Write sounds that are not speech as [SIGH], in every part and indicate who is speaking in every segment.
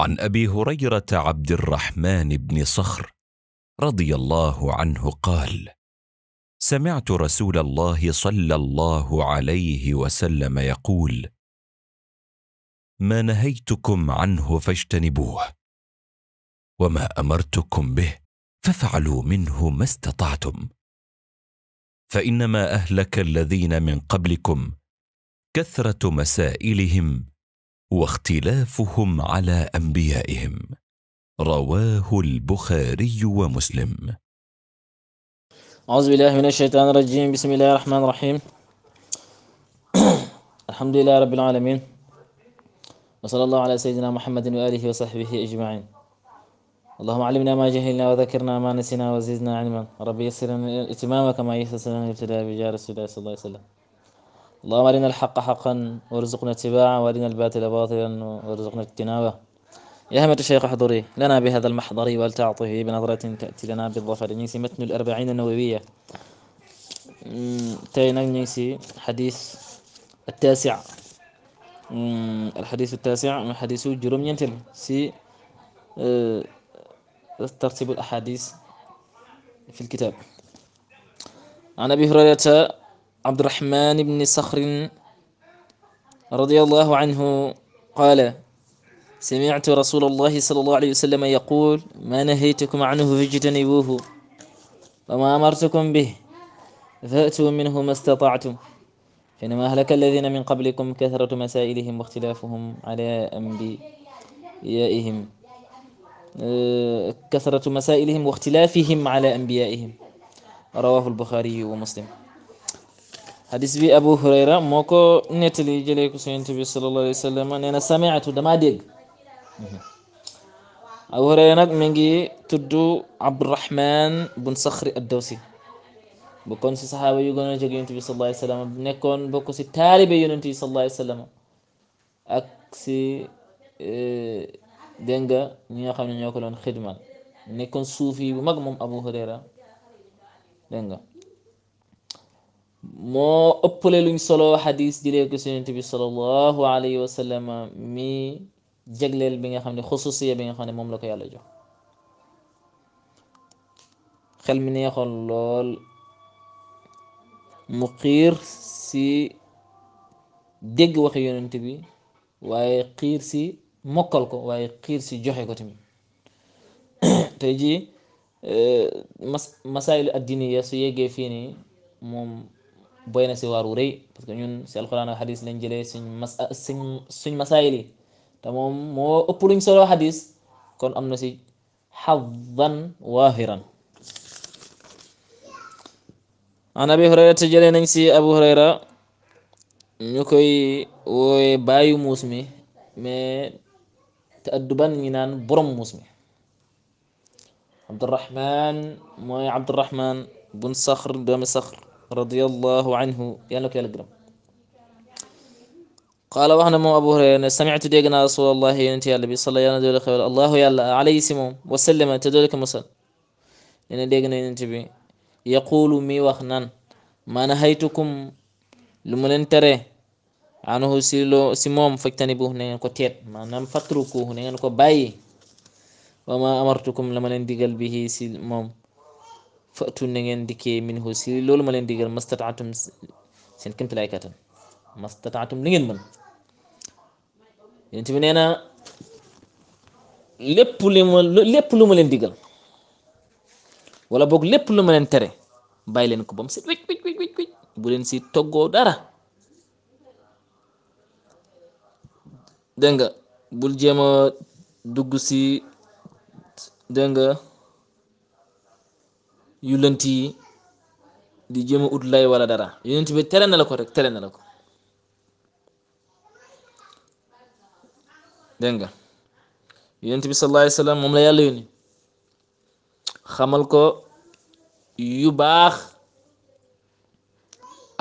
Speaker 1: عن ابي هريره عبد الرحمن بن صخر رضي الله عنه قال سمعت رسول الله صلى الله عليه وسلم يقول ما نهيتكم عنه فاجتنبوه وما امرتكم به ففعلوا منه ما استطعتم فانما اهلك الذين من قبلكم كثره مسائلهم واختلافهم على انبيائهم رواه البخاري ومسلم أعوذ بالله من الشيطان الرجيم بسم الله الرحمن الرحيم [COUGHS] الحمد لله رب العالمين وصلى الله على سيدنا محمد وآله وصحبه أجمعين اللهم علمنا ما جهلنا وذكرنا ما نسينا وزدنا علما ربي يسر الاتمام كما يسر الابتداء بجار السيدة صلى الله عليه وسلم اللهم أرنا الحق حقا وارزقنا اتباعه وأرنا الباطل باطلا وارزقنا اجتنابه يا همة الشيخ احضري لنا بهذا المحضر ولتعطه بنظرة تأتي لنا بالظفر نيسي متن الأربعين النووية تاينا نيسي حديث التاسع الحديث التاسع من حديث جرم ينتل سي آه، ترتيب الأحاديث في الكتاب عن أبي هريرة عبد الرحمن بن صخر رضي الله عنه قال سمعت رسول الله صلى الله عليه وسلم يقول ما نهيتكم عنه فاجتنبوه وما أمرتكم به فأتوا منه ما استطعتم فإنما أهلك الذين من قبلكم كثرة مسائلهم واختلافهم على أنبيائهم آه، كثرة مسائلهم واختلافهم على أنبيائهم رواه البخاري ومسلم حديث بي أبو هريرة موكو نتلي جليكو سينتبي صلى الله عليه وسلم أنا سمعت دما ديق أبو هريرة منجي تدو عبد الرحمن بن صخر الدوسي بكون سي صحابة يقولون جاك ينتبي صلى الله عليه وسلم بنكون بكون سي تالي ينتي صلى الله عليه وسلم أكسي دنجا nga ñi nga خدمة نكون صوفي بمقمم أبو هريرة دنجا ما أقبل لون سلوا حديث جلي كسر النبي صلى الله عليه وسلم مي جعل بين خامن خصوصية بين خامن مملكة يلا جو خل مني خلول مقير سي دق وخيون النبي ويقير سي مكالكو ويقير سي جوه كتمي [COUGHS] تيجي آه، مسائل الدينية سيجي فيني مم بين سواروري بس كنون سال القرآن الحديث لنجلي سن مس سن سن مسائلي تمام مو أبولين سال الحديث كن أم نسي حظا واهرا أنا أبي هريرة تجلي نسي أبو هريرة نكوي وي بايو موسمي مي تأدبان ينان برم موسمي عبد الرحمن مو عبد الرحمن بن صخر دوم صخر رضي الله عنه يلوك يعني يلقرم قال وانا مو ابو هريره سمعت ديغنا رسول الله انت يا النبي صلى الله عليه وسلم الله يلا عليه سمو وسلم تدولك مسل ان ديغنا انت بي يقول مي وخنان ما نهيتكم لمن ترى عنه سيلو سموم فاكتنبوه نين كتير ما نم فتركوه نين كو باي وما امرتكم لمن اندي قلبه سموم fatu na ngeen dikkee minhu si loolu ma leen digal mastataatum seen kémtalaay kattan mastataatum li ngeen mën yonent bi nee na lépp li ma lu ma leen digal wala boog lépp lu ma leen tere bay leen ko ba mu wicc wicc wicc bu leen si toggoo dara dégg nga bul jéem a dugg si dégg nga yu lënt yi di jéem a ut lay wala dara yonent bi teree na la ko rek teree na la ko dégg nga yonent bi sallallahu alayhi moom la yàlla yónni xamal ko yu baax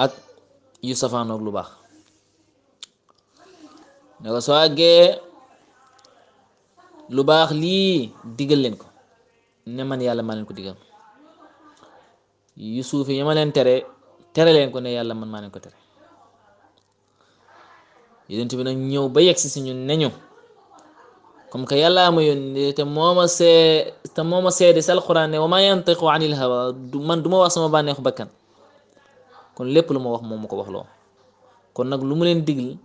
Speaker 1: ak yu safaanoog lu baax ne ko soo àggee lu baax lii digal leen ko ne man yàlla maa leen ko digal yu suufe yi ma leen tere tere leen ko ne yàlla man maa leen ko tere yonent bi nag ñëw ba yegg si si ñun ne ñu comme que yàlla ma yoon te moo ma te moo ma seede si alquran wa maa yantiqu anil hawa man du ma wax sama bànneexu bakkan kon lépp lu ma wax moom ma ko wax loo kon nag lu mu leen digal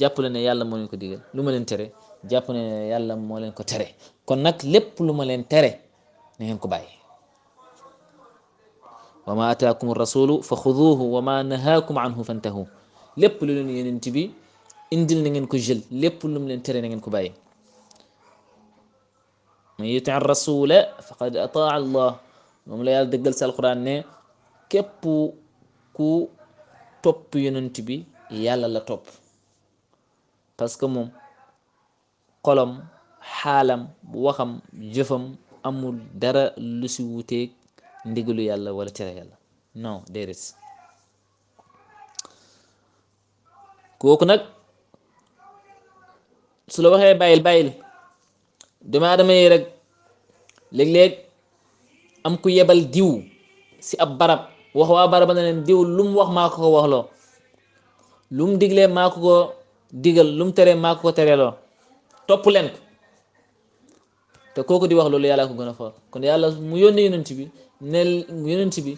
Speaker 1: jàpp leen ne yàlla moo leen ko digal lu ma leen tere jàpp ne yàlla moo leen ko tere kon nag lépp lu leen tere na ko bàyyi وما اتاكم الرسول فخذوه وما نهاكم عنه فانتهوا لب لون ينتبي اندل نين كجل جيل لب لوم لين تري نين كو من يطع الرسول فقد اطاع الله نوم لا يال دغل سال ني كيب كو توب ينتبي يالا لا توب باسكو موم قلم حالم وخم جفم امول دارا لوسي ووتيك ndigalu yàlla wala tere yàlla non déedéet nag su la waxee bàyyil bàyyil doomu aadama rek léeg-léeg am ku yebal diw si ab barab wax waa barab na leen diw lum wax maa ko ko waxloo lum diglee maa ko ko digal lum teree maa ko ko tereloo topp leen te kooku di wax loolu yàlla ko gën a foor kon yàlla mu yónnee yonent bi ne yonent bi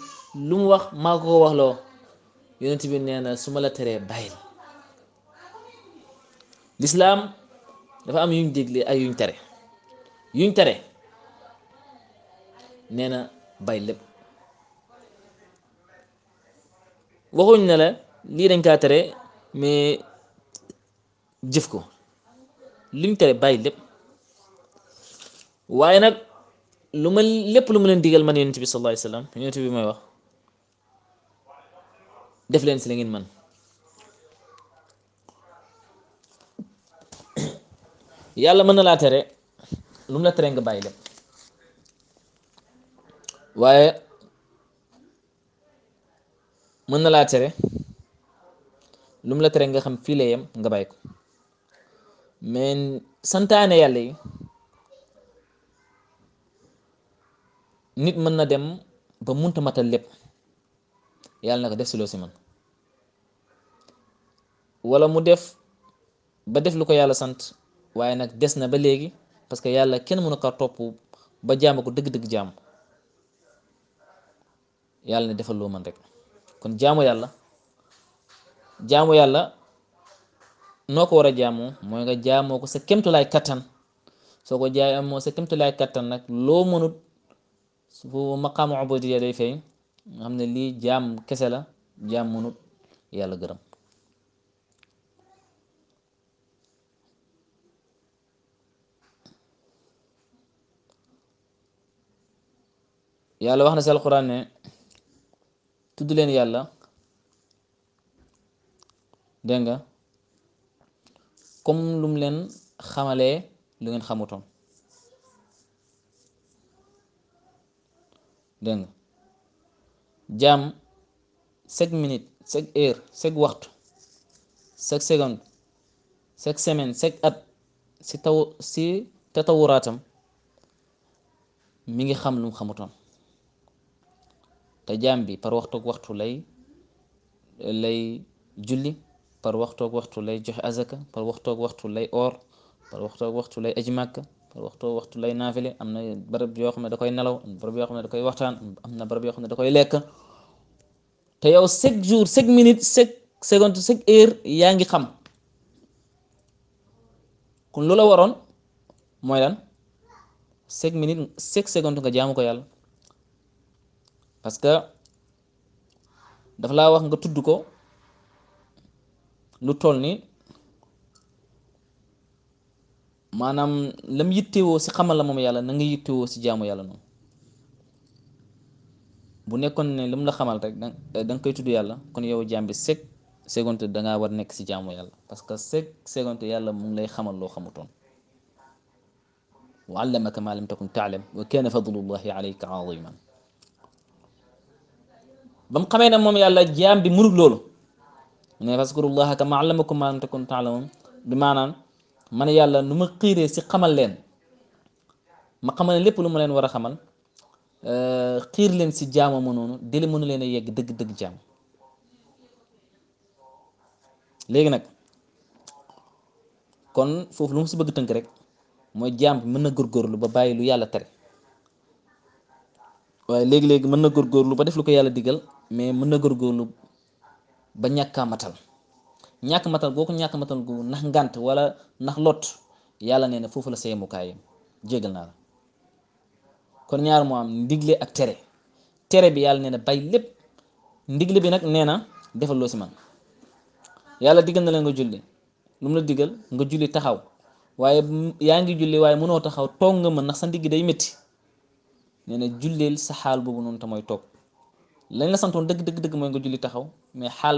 Speaker 1: lu mu wax maa ko ko wax loo yonent bi nee na su la teree bàyyil lislaam dafa am yuñ dégle ak yuñ tere yuñ tere nee na bàyyi lépp waxuñ ne la lii dañ kaa tere mais jëf ko luñ tere bàyyi lépp waaye nag lu ma lépp lu ma leen digal man yonent bi sallallahu alayhi wasallam yonent bi may wax def leen si man [COUGHS] yàlla mën na laa tere lu la tere nga bàyyi lépp waaye mën na laa tere lu la tere nga xam fii la yem nga bàyyi ko mais santaane nit mën na dem ba munta matal lépp yàlla na ko def si loo si man wala mu def ba def lu ko yàlla sant waaye nag des na ba léegi parce que yàlla kenn mënu ko topp ba jaam ko dëgg-dëgg jaam yàlla ne man rek kon yàlla jaamu yàlla noo ko war a jaamoo mooy nga jaamoo ko sa kemtulaay kattan soo ko jaamoo sa kemtulaay kattan nag loo mënut bu maqaamu ubudiyya day feeñ nga xam ne lii jaam kese la jaam mënut yàlla gërëm yàlla wax na si alquran ne tudd leen yàlla dégg nga comme lu mu leen xamalee lu ngeen xamutoon دنگ جام سك مينيت سك اير سك وقت سك سكند سك سمن سك اب سي تو سي تطوراتم ميغي خام لوم خاموتون تا جام بي بار وقتو وقتو لاي لاي جولي بار وقتو وقتو لاي جوخ ازكا بار وقتو وقتو لاي اور بار وقتو وقتو لاي اجماك waxtu waxtu lay naafile am na barab yoo xam ne da koy nelaw am na barab yoo xam ne da koy waxtaan am na barab yoo xam ne koy lekk te yow chaque jour chaque minute chaque seconde chaque heure yaa ngi xam kon lu la waroon mooy lan chaque minute chaque seconde nga jaamu ko yàlla parce que dafa laa wax nga tudd ko lu toll nii manam lam yittewoo si xamal la mom yàlla na nga yitté wo ci jaamu yàlla non bu nekkoon ne lam la xamal rek dang koy tuddu yàlla kon yow jambi bi sek segonte nga war nek ci jaamu yàlla parce que sek segonte yàlla mu ngi lay xamal lo xamutoon وعلمك ما لم تكن تعلم وكان فضل الله عليك عظيما بام ba mu xamee ne moom yàlla jaam bi murug loolu mu ne faskurullaha kama allamakum ma lam takun man yàlla nu ma xiiree si xamal leen ma xamal lépp lu ma leen war a xamal euh, xiir leen si jaama ma noonu deli mënu leen a yegg dëgg-dëgg jaam léegi nag kon foofu lu mu si bëgg tënk rek mooy jaam bi mën na góor góorgóorlu ba bàyyi lu yàlla tere waaye léegi-léegi mën na góor góorgóorlu ba def lu ko yàlla digal mais mën na góorgóorlu ba ñàkkaamatal ñàkk matal gooku ñàkk matal gu ndax ngànt wala ndax lot yàlla nee na foofu la seemukaay jégal naa la kon ñaar moo am ndigle ak tere tere bi yàlla nee na bay lépp ndigle bi nag nee na defal loo si man yàlla diggal na la nga julli lu mu la diggal nga julli taxaw waaye yaa ngi julli waaye mënoo taxaw toog nga mën ndax sa ndigg day métti nee na julleel sa xaal boobu noonu te mooy toog lañ la santoon dëgg dëgg dëgg mooy nga julli taxaw mais xaal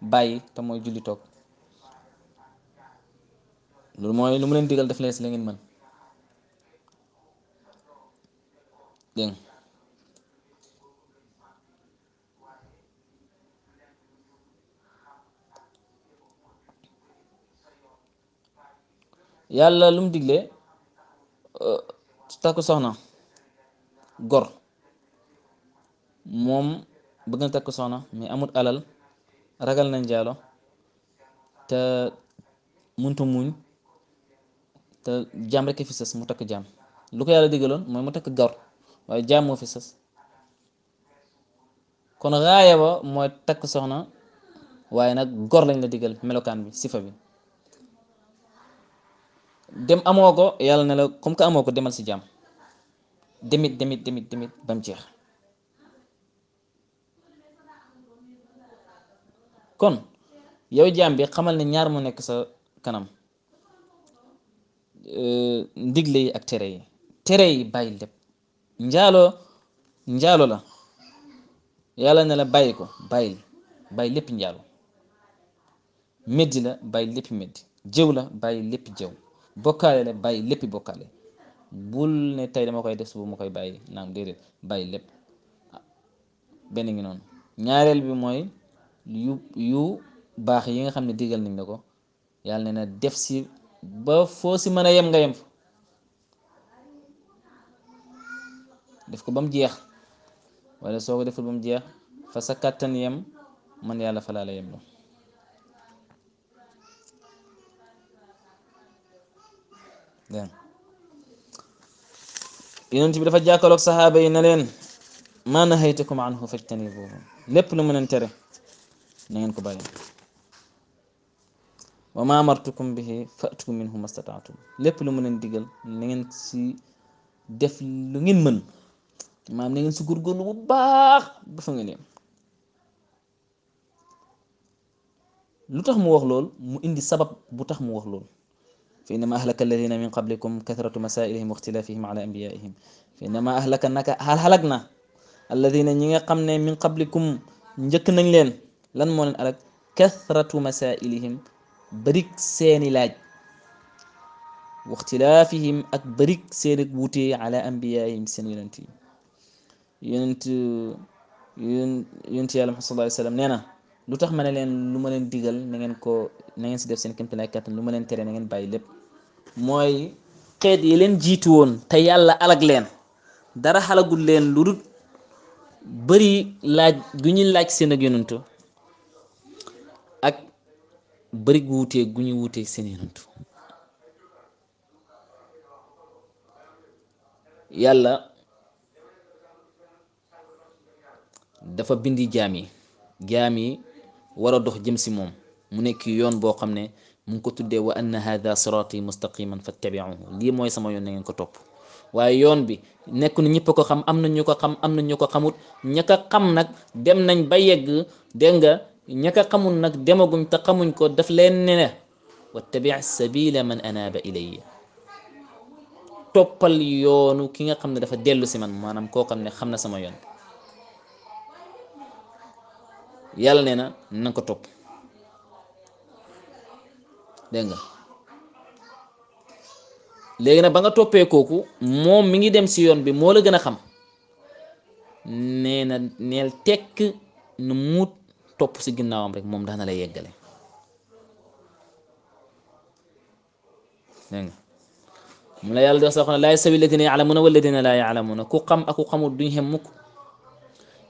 Speaker 1: bayyi te mooy julli toog loolu mooy lu mu leen digal def leen la ngeen mën dégg yàlla lu mu digle euh, takku soxna gor moom bëgg na takku soxna mais amut alal ragal nañ jalo te muntu muñ te jam rek fi sës mu tak jam lu ko yalla digaloon moy mu tak gawar way jaam mo fi sës kon raaya ba moy tak soxna waye nak gor lañ la digal melokan bi sifa bi dem amoko ko ya ne la comme ko amoko demal si jam. demit demit demit demit bam jeex kon yow jaam bi xamal ne ñaar mu nekk sa kanam ndigle yi ak tere yi tere yi bàyyi lépp njaaloo njaalo la yàlla ne la bàyyi ko bàyyil bàyyi lépp njaalo meddi la bàyyi lépp meddi jëw la bàyyi lépp jëw bokkaale la bàyyi lépp bokkaale bul ne tey dama koy def suba ma koy bàyyi naam déedéet bàyyi lépp ah, benn noonu ñaareel bi mooy yu yu baax yi nga xam ne digal nañ ne ko yàlla ne na def si ba foo si mën a yem nga yem def ko ba mu jeex wala soo ko deful ba mu jeex fa sa kàttan yem man yàlla fa laa la yem loolu yonent bi dafa jàkkaloog saxaaba yi na leen maa nahaytukum anhu fajtanibuhu lépp lu mu leen tere na ngeen ko bàyyi wa ma amartukum bihi fa'tu minhu mastata'tum lépp lu mu leen digal na ngeen si def lu ngeen mën maam na ngeen si lu bu baax ba fa ngeen yem lu tax mu wax lool mu indi sabab bu tax mu wax lool fa innama ahlaka alladina min qablikum kathratu masailihim wa ixtilafihim ala anbiyaihim fa innama ahlaka naka xal na ñi nga xam ne min qablikum njëkk nañ leen lan moo leen alak kathratu masailihim bërik seeni laaj waxtilaafihim ak bërik seeni wuute ala ambiyaayim seen yonent yi yonent yonent yàlla Muhammad sallallahu alayhi wa sallam nee na lu tax ma ne leen lu ma leen digal na ngeen ko na ngeen si def seen kéemtalaay kattan lu ma leen tere na ngeen bàyyi lépp mooy xeet yi leen jiitu woon te yàlla alag leen dara xalagul leen lu dul bëri laaj gu ñuy laaj seen ak bëri gu wutee gu ñu wuteeg seen yonantu yàlla dafa bindi jaam yi jaam yi war a dox jëm si moom mu nekk yoon boo xam ne mu ngi ko tuddee wa anna hada sirati mustaqiman fattabiuhu lii mooy sama yoon na ko topp waaye yoon bi nekk na ñëpp ko xam am na ñu ko xam am na ñu ko xamut ña xam nag dem nañ ba yegg dégg ñaka xamul nag demaguñ te xamuñ ko daf leen ne ne wattabi sabila man anaaba ilayya toppal yoonu ki nga xam ne dafa dellu si man maanaam koo xam ne xam na sama yoon yàlla nee na na ko topp dégg nga léegi nag ba nga toppee kooku mi ngi dem si yoon bi moo la gën a xam neel tekk nu muut topp si ginnaawam rek moom dana la yeggale dégg mu la yàlla di wax sax laa yastawi alladina yaalamuuna walladina laa yaalamuuna ku xam ak ku xamul duñ xem mukk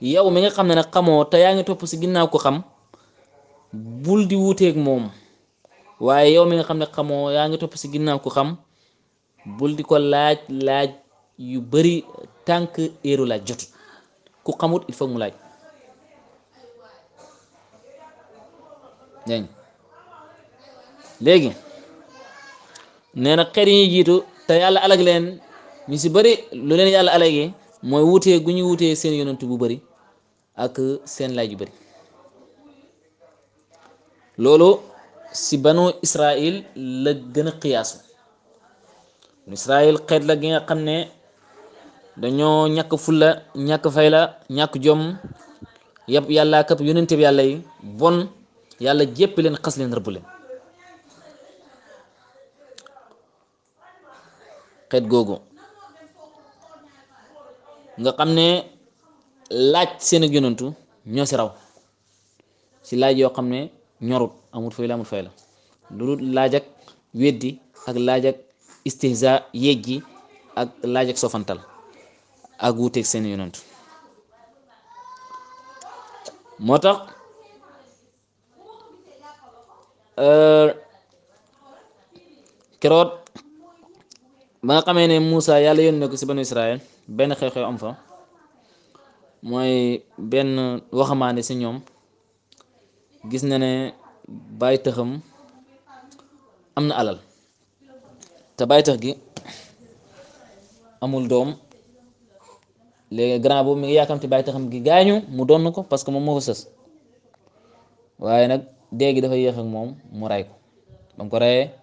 Speaker 1: yow mi nga xam ne nag xamoo te yaa ngi topp si ginnaaw ko xam bul di wuuteeg moom waaye yow mi nga xam ne xamoo yaa ngi topp si ginnaaw ko xam bul di ko laaj laaj yu bari tànk éeru laaj jotut ku xamut il faut mu laaj dégg léegi nee na xeet yi jiitu te yàlla alag leen ñu si bari lu leen yàlla alagee mooy wutee gu ñu wutee seen yonent bu bari ak seen laaj yu bëri loolu si banu Israil la gën a xiyaasu banu Israil xeet la gi nga xam ne dañoo ñàkk fulla ñàkk fayla ñàkk jom yab yàlla kap yonent bi yàlla yi bon yàlla jéppi leen xas leen rëbb leen xeet googu nga xam ne laaj seeni ak yonantu ñoo si raw si laaj yoo xam ne ñorut amut fay la amut fay lu laaj ak weddi ak laaj ak istihza yéeg gi ak laaj sofantal ak wuuteeg seen yonantu moo tax Euh, keroot ba nga xamee ne Moussa yàlla yónnee ko si banu Israël benn xew-xew am fa mooy benn waxamaane si ñoom gis na ne bàyyi tëxam am na alal te bàyyi tëx gi amul doom léegi grand boobu mi ngi yaakamti bàyyi tëxam gi gaañu mu donn ko parce que moom moo ko waaye nag dee dafa yéex ak moom mu ray ko ba mu ko rayee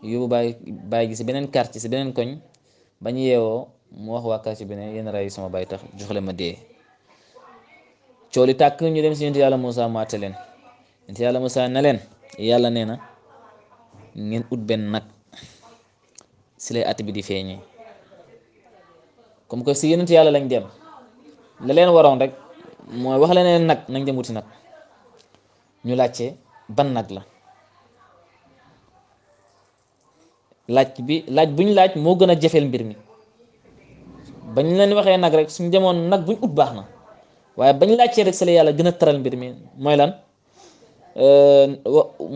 Speaker 1: yóbbu bàyyi bàyyi gi si beneen quartier si beneen koñ bañ yeewoo mu wax waa quartier bi ne yéen ray sama bàyyi tax jox leen ma dee cooli tàkk ñu dem si yàlla Moussa mu leen yonent yàlla Moussa na leen yàlla nee na ngeen ut benn nag si lay àtte bi di feeñee comme que si yonent yàlla lañ dem la leen waroon rek mooy wax la neen nag nañ dem wuti nag ñu laajte ban nag la laaj bi laaj bu ñu laaj moo gën a jafeel mbir mi bañ leen waxee nag rek suñu demoon nag buñ ut baax na waaye bañ laajtee rek sale yàlla gën a taral mbir mi mooy lan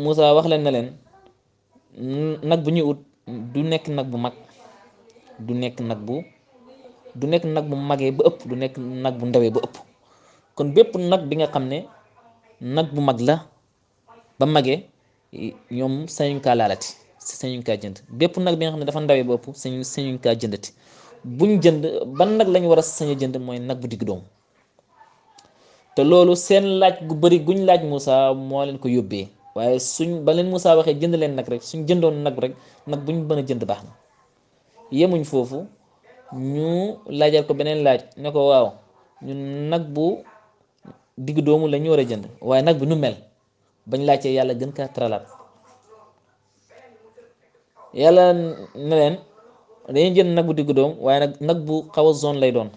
Speaker 1: Moussa wax leen na leen nag bu ñuy ut du nekk nag bu mag du nekk nag bu du nekk nag bu magee ba ëpp du nekk nag bu ndawee ba ëpp kon bépp nag bi nga xam ne nag bu mag la ba magee ñoom sañuñ kaa laalati sañuñ kaa jënd bépp nag bi nga xam ne dafa ndawee bopp sañu sañuñ kaa jëndati buñ jënd ban nag lañ war a sañ jënd mooy nag bu digg doomu te loolu seen laaj gu bëri guñ laaj musaa moo leen ko yóbbee waaye suñ ba leen musaa waxee jënd leen nag rek suñ jëndoon nag rek nag ñu mën a jënd baax na yemuñ foofu ñu laajal ko beneen laaj ne ko waaw ñun nag bu digg doomu la ñu war a jënd waaye nag bu nu mel bañ laajtee yàlla gën kaa tralaat yàlla ne leen jënd nag bu digg doomu waaye nag nag bu xaw a lay doon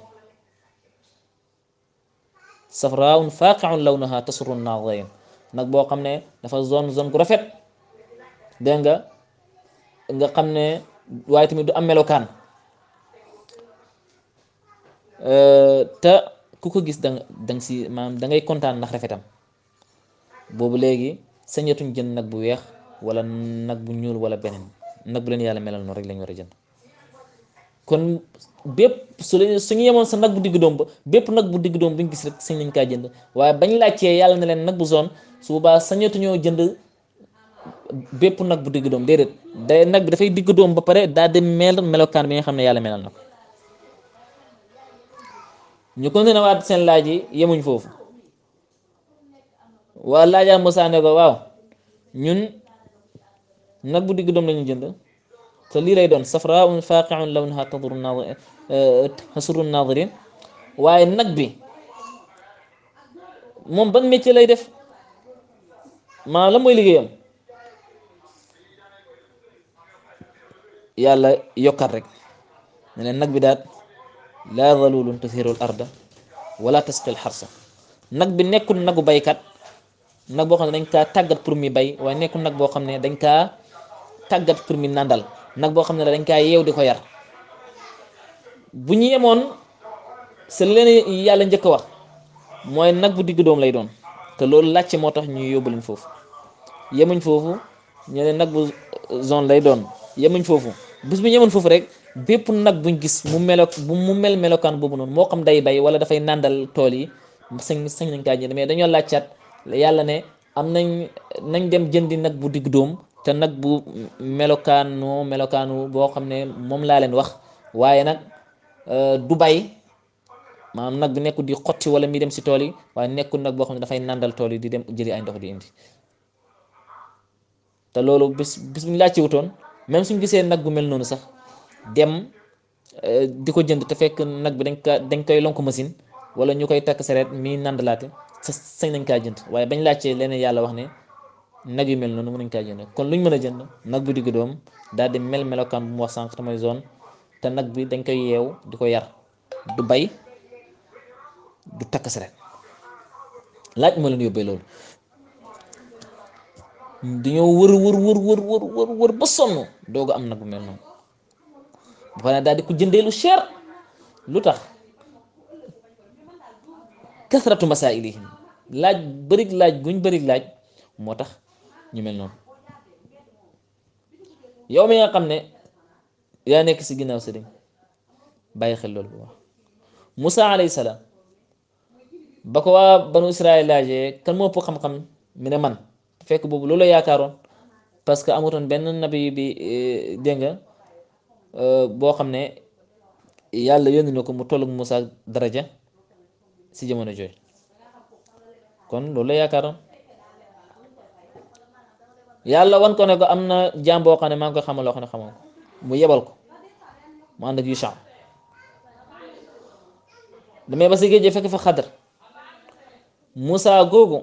Speaker 1: safraun faaqiun lawnaha tasurru naadirin nag boo xam ne dafa zone zone gu rafet dégg nga nga xam ne waaye tamit du am melokaan te ku ko gis da nga si maanaam da kontaan ndax rafetam boobu léegi sañatuñ jënd nag bu weex wala nag bu ñuul wala beneen nag bu leen yàlla melal noonu rek lañ war a jënd kon bépp su leen su ñu yemoon sa nag bu digg doom ba bépp nag bu digg doom bi ñu gis rek sañ lañ kaa jënd waaye bañ yàlla ne leen nag bu zone su boobaa sañatuñoo jënd bépp nag bu digg doom déedéet day nag bi dafay digg doom ba pare daa dem mel melokaan bi nga xam ne yàlla melal na ko. ñu ko ne waat seen laaj yi yemuñ foofu waa laajaa Musaa ne ko waaw ñun nag bu digg doom lañu jënd te lii lay doon safraun faqiun lawnuha tasurru eh, naadirin waaye nag bi moom ban métier lay def maanaam la mooy liggéeyam yàlla yokkat rek ne nag bi daat laa zalulun tuthirul arda wala tasqil xarsa nag bi nekkul nagu baykat nag boo xam ne dañ kaa tàggat pour mi bay waaye nekkul nag boo xam ne dañ kaa tàggat pour mi nàndal nag boo xam ne dañ kaa yeew di ko yar bu ñu yemoon seen leen yàlla njëkk wax mooy nag bu digg doom lay doon te loolu làcc moo tax ñuy yóbbu leen foofu yemuñ foofu ñu nag bu zone lay doon yemuñ foofu bés bu ñu yemoon foofu rek bépp nag buñ gis mu melo mu mel melokaan boobu noonu moo xam day bay wala dafay nàndal tool yi sañ sañ nañ kaa jënd mais dañoo laajcaat yàlla ne am nañ nañ dem jëndi nag bu digg doom te nag bu melokaanu melokaanu boo xam ne moom laa leen wax waaye nag euh, du bay maanaam nag bi nekkul di xotti wala mi dem si tool yi waaye nekkul nag boo xam ne dafay nàndal tool yi di dem jëli ay ndox di indi te loolu bis bis bu ñu laajte wutoon même suñ gisee nag bu mel noonu sax. dem euh, di ko jënd te fekk nag bi dañ ka dañ koy lonk machine wala ñu koy takk sareet mi nandalaate sa sañ nañ kaa jënd waaye bañ laajtee leneen yàlla wax ne nag yu mel noonu mën nañ kaa jënd kon luñ mën a jënd nag bu digg doom daal di mel melokaan bu mu wax sànq tamay zone te nag bi dañ koy yeew di ko yar du bay du takk sareet laaj ma leen yóbbee loolu dañoo wër wër wër wër wër wër ba sonn dooga am nag bu mel noonu dafa naa daal di ko jëndee lu lu tax kasratu masaailihim laaj bërig laaj guñ bërig laaj moo tax ñu mel noonu yow mi nga xam ne yaa nekk si ginnaaw sëriñ bàyyi xel loolu bu wax Moussa alayhi salaam ba ko waa banu Israël laajee kan moo ëpp xam-xam mi ne man fekk boobu loolu la yaakaaroon parce que amutoon benn nabi bi eh, dégg nga Euh, boo xam ne yàlla yónni na ko mu toll ak daraja si jamono jooju kon loolu la yaakaaroon yàlla wan ko ne ko am na jaam boo xam ne maa ngi koy xamal loo ne xamoo ko mu yebal ko mu ànd ak Yusa damay ba si géej fekk fa xadar Moussa googu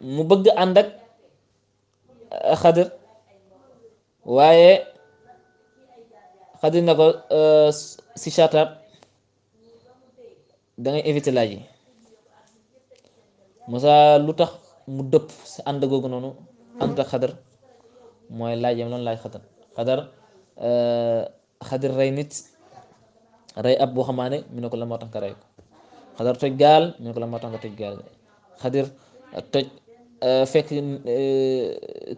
Speaker 1: mu bëgg ànd xadar waaye xadir na ko euh, si chartab da ngay éviter laaj yi Moussa lu tax mu dëpp si ànd googu noonu ànd ak xadar mooy laaj yam loonu laaj xadar xadar euh, xadir rey nit rey ab boo xamaane mu ne ko la moo tax nga rey gaal mu ne ko la moo xadir toj euh, fekk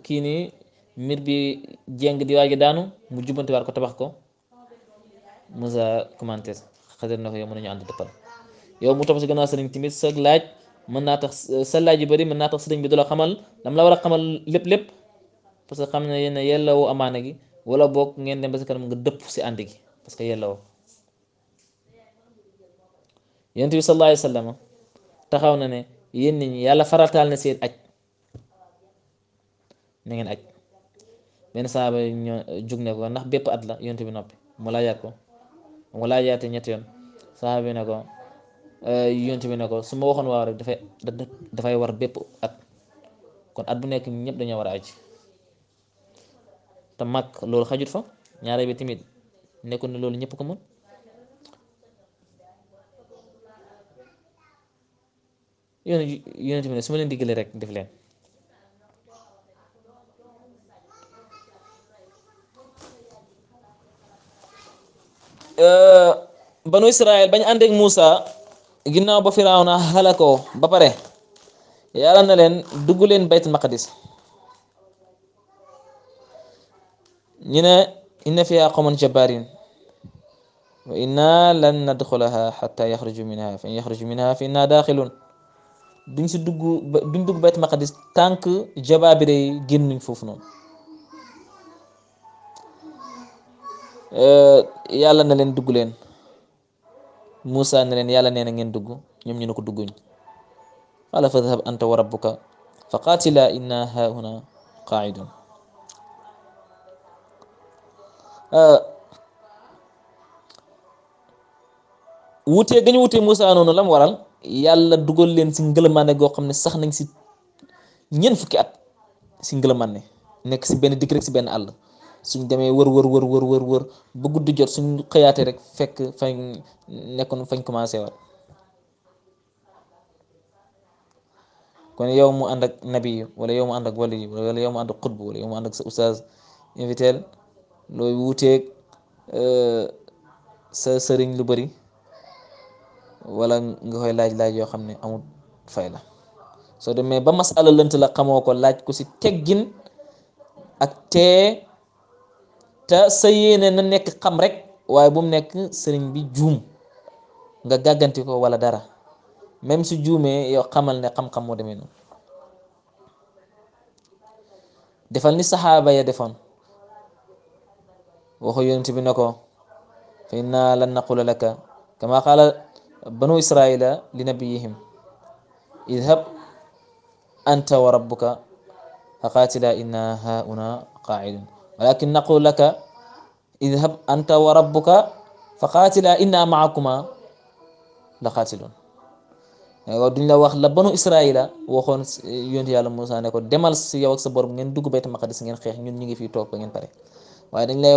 Speaker 1: kii nii mbir bi jéng di waaj daanu mu jubbanti waat ko tabax ko Moussa commentaire xasee na ko yow mën nañu ànd dëppal yow mu topp si gannaaw sëriñ tamit sa laaj mën naa tax sa laaj yu bari mën naa tax sëriñ bi du la xamal dam la war a xamal lépp lépp parce que xam ne yéen a yelloo amaana gi wala boog ngeen dem ba si kanam nga dëpp si ànd gi parce que yelloo yonent bi sallallahu alayhi wa sallam na ne yéen nit ñi yàlla farataal na seen aj na ngeen aj benn saaba ñoo jug ne ko ndax bépp at la yonent bi noppi mu laajaat ko wala yaate ñetti yoon saxaabi bi ne ko yoon eh, yonent bi ne ko su ma waxoon waaw rek dafay dafay war bépp at kon at bu nekk ñépp dañoo war a aj te mag loolu xajut fa ñaare bi tamit nekkul ne loolu ñëpp ko mën yonent bi ne su ma leen diggalee rek def leen Euh, banu Israël bañ ànd ak Moussa ginnaaw ba Firawna halakoo ba pare yàlla na leen dugg leen bayt maqdis ñu ne inna fiha qawman jabbarin wa inna lan nadxulaha xata yaxruju minha fa in daaxilun duñ si dugg duñ dugg bayt maqdis tànk jabaabire yi génnuñ foofu noonu Eh, yalla na len dugg len musa na len yalla neena ngeen dugg ñom ñu nako dugguñ dugguñ fa fadhab anta wa rabbuka fa qatila inna huna qaidun eh, wutee gañu wutee musa nonu lam waral yalla duggal len ci ngëlëmande go xamné sax nañ ci ñen fukki at si ngëlëmande nek ci ben dik rek ci ben allah suñ demee wër wër wër wër wër wër ba guddi jot suñ xëyaatee rek fekk fañ nekkoon fañ commencé waat kon yow mu ànd ak nabi wala yow mu ànd ak wali wala mu ànd ak sa oustaz inviteel looy wuuteeg euh, sa sëriñ lu bari wala nga koy laaj-laaj yoo xam ne amut fay la soo demee ba masala lënt xamoo ko laaj ko si teggin ak tee te sa yéene na nekk xam rek waaye bu nekk sëriñ bi juum nga gàgganti wala dara même su juumee yow xamal ne xam moo demee defal ni saxaaba ya defoon waxu yonent bi ne ko fa inna lan naqula laka kama qaala banu israila li idhab anta wa rabbuka fa qaatila inna hauna qaacidun walakin naqulu laka anta wa rabbuka faqatila inna ma'akuma laqatilun waaw duñ la wax la banu israila waxoon yonent yàlla Moussa demal si yow ak sa borom ngeen dugg bayt maqdis ngeen xeex ñun ñu ngi pare waaye dañ lay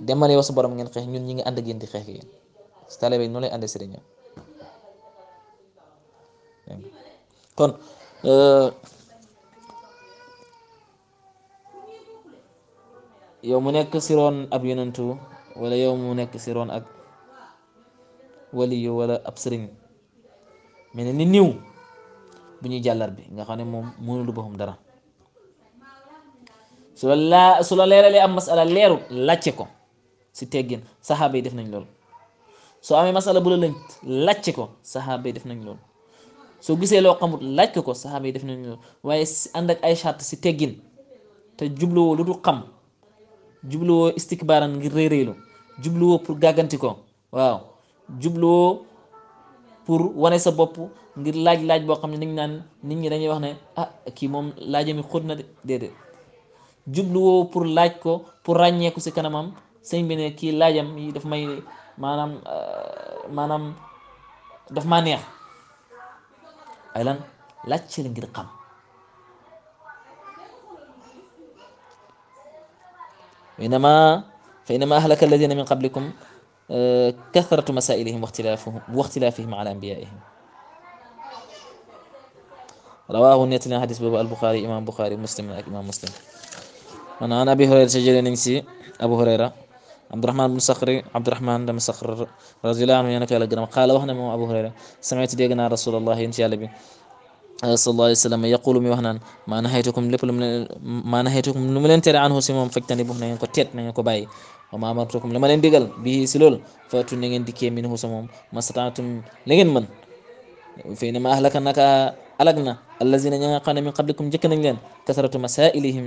Speaker 1: demal yow sa borom ngeen xeex ñun ñu ngi ànd ak yéen di xeex yéen si taalibe yow mu nekk si roon ab yonantu wala yow mu nekk si roon ak waliyu wala ab sëriñ mel ni niw bu ñuy jàllar bi nga xam ne moom mënulu boppam dara su la laa su la leeralee am masala leeru lacce ko si teggin saxaaba yi def nañ loolu soo amee masala bu la lënt làcce ko saxaaba yi def nañ loolu soo gisee loo xamut laaj ko ko yi def nañ loolu waaye ànd ay charte si teggin te jubloo lu du jubluwoo istikbaaran ngir réeréelu jubluwoo pour gàgganti ko waaw jubluwoo pour wane sa bopp ngir laaj-laaj boo xam ne dañ naan nit ñi dañuy wax ne ah kii moom laajami xóot na déedéet jubluwoo pour laaj ko pour ràññeeku si kanamam sëñ bi ne kii laajam yi daf may maanaam euh, maanaam daf maa neex ay lan laaj ci la ngir xam فإنما فإنما أهلك الذين من قبلكم آه، كثرة مسائلهم واختلافهم واختلافهم على أنبيائهم رواه النيتلين حديث بابا البخاري إمام بخاري مسلم إمام مسلم من أنا أبي هريرة شجر نمسي أبو هريرة عبد الرحمن بن صخري عبد الرحمن بن صخر رضي الله عنه قال وهنا أبو هريرة سمعت ديقنا رسول الله ينتي sallallahu alayhi wa sallam yaqulu mi wax naan maana haytukum lépp lu mu leen maana haytukum lu mu leen tere anhu si moom fajtani bu na ngeen ko teet na ngeen ko bàyyi wa ma amartukum la ma leen digal bi si loolu faatu na ngeen dikkee minhu sa moom mastataatum la ngeen mën fay ne ma ahlaka naka alag na allazina ña nga xam ne min qablikum njëkk nañ leen kasaratu masailihim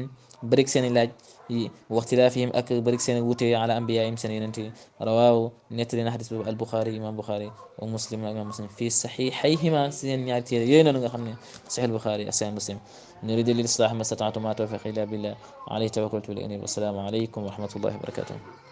Speaker 1: bërik seeni laaj واختلافهم أكبر سنة وتي على أنبيائهم سنين رواه نتري حديث البخاري إمام البخاري ومسلم إمام مسلم في صحيحيهما سنين يعتي يعني ينون خمني صحيح البخاري أسيان مسلم نريد للإصلاح ما استطعت ما توفق إلا بالله عليه توكلت والإنيب والسلام عليكم ورحمة الله وبركاته